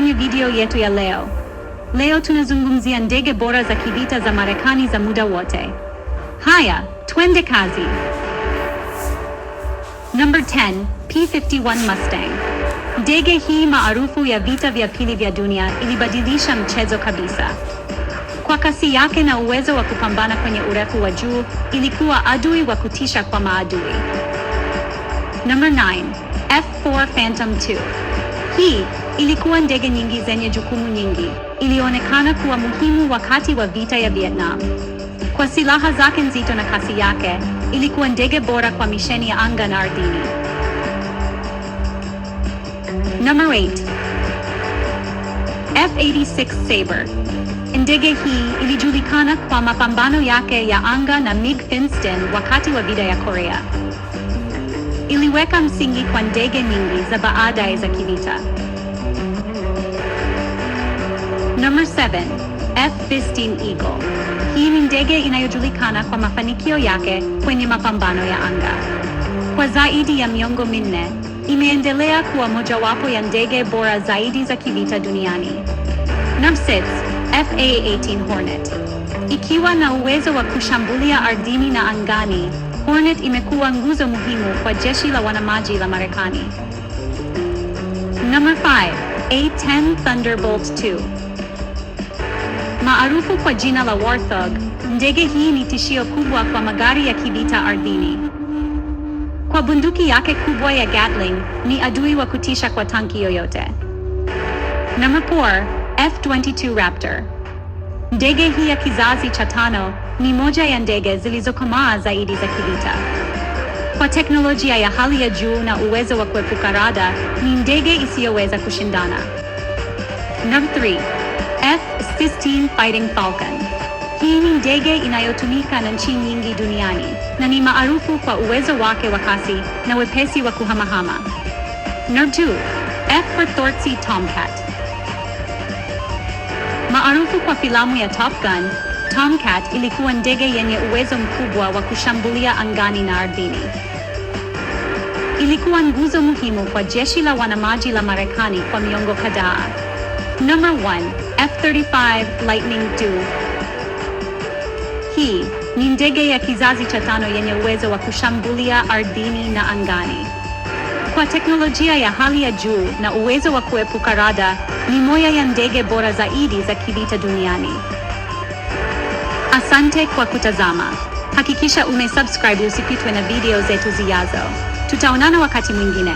kwenye video yetu ya leo. Leo tunazungumzia ndege bora za kivita za Marekani za muda wote. Haya, twende kazi. Number 10, P-51 Mustang. Ndege hii maarufu ya vita vya pili vya dunia ilibadilisha mchezo kabisa. Kwa kasi yake na uwezo wa kupambana kwenye urefu wa juu, ilikuwa adui wa kutisha kwa maadui. Number 9, F4 Phantom hii ilikuwa ndege nyingi zenye jukumu nyingi, ilionekana kuwa muhimu wakati wa vita ya Vietnam. Kwa silaha zake nzito na kasi yake, ilikuwa ndege bora kwa misheni ya anga na ardhini. Number 8. F-86 Sabre. Ndege hii ilijulikana kwa mapambano yake ya anga na MiG Finston wakati wa vita ya Korea iliweka msingi kwa ndege nyingi za baadaye za kivita. Number 7, F-15 Eagle. Hii ni ndege inayojulikana kwa mafanikio yake kwenye mapambano ya anga. Kwa zaidi ya miongo minne, imeendelea kuwa mojawapo ya ndege bora zaidi za kivita duniani. Number 6, FA-18 Hornet. Ikiwa na uwezo wa kushambulia ardhini na angani, Hornet imekuwa nguzo muhimu kwa jeshi la wanamaji la Marekani. Number 5, A-10 Thunderbolt 2. Maarufu kwa jina la Warthog, ndege hii ni tishio kubwa kwa magari ya kivita ardhini. Kwa bunduki yake kubwa ya Gatling, ni adui wa kutisha kwa tanki yoyote. Number 4, F-22 Raptor. Ndege hii ya kizazi cha tano ni moja ya ndege zilizokomaa zaidi za kivita. Kwa teknolojia ya hali ya juu na uwezo wa kuepuka rada, ni ndege isiyoweza kushindana. Number 3, F-16 Fighting Falcon. Hii ni ndege inayotumika na nchi nyingi duniani na ni maarufu kwa uwezo wake wa kasi na wepesi wa kuhamahama. Number 2, F for Tomcat. Maarufu kwa filamu ya Top Gun, Tomcat ilikuwa ndege yenye uwezo mkubwa wa kushambulia angani na ardhini. Ilikuwa nguzo muhimu kwa jeshi la wanamaji la Marekani kwa miongo kadhaa. Number 1, F-35 Lightning II. Hii ni ndege ya kizazi cha tano yenye uwezo wa kushambulia ardhini na angani. Kwa teknolojia ya hali ya juu na uwezo wa kuepuka rada, ni moja ya ndege bora zaidi za kivita duniani. Asante kwa kutazama. Hakikisha umesubscribe usipitwe na video zetu zijazo. Tutaonana wakati mwingine.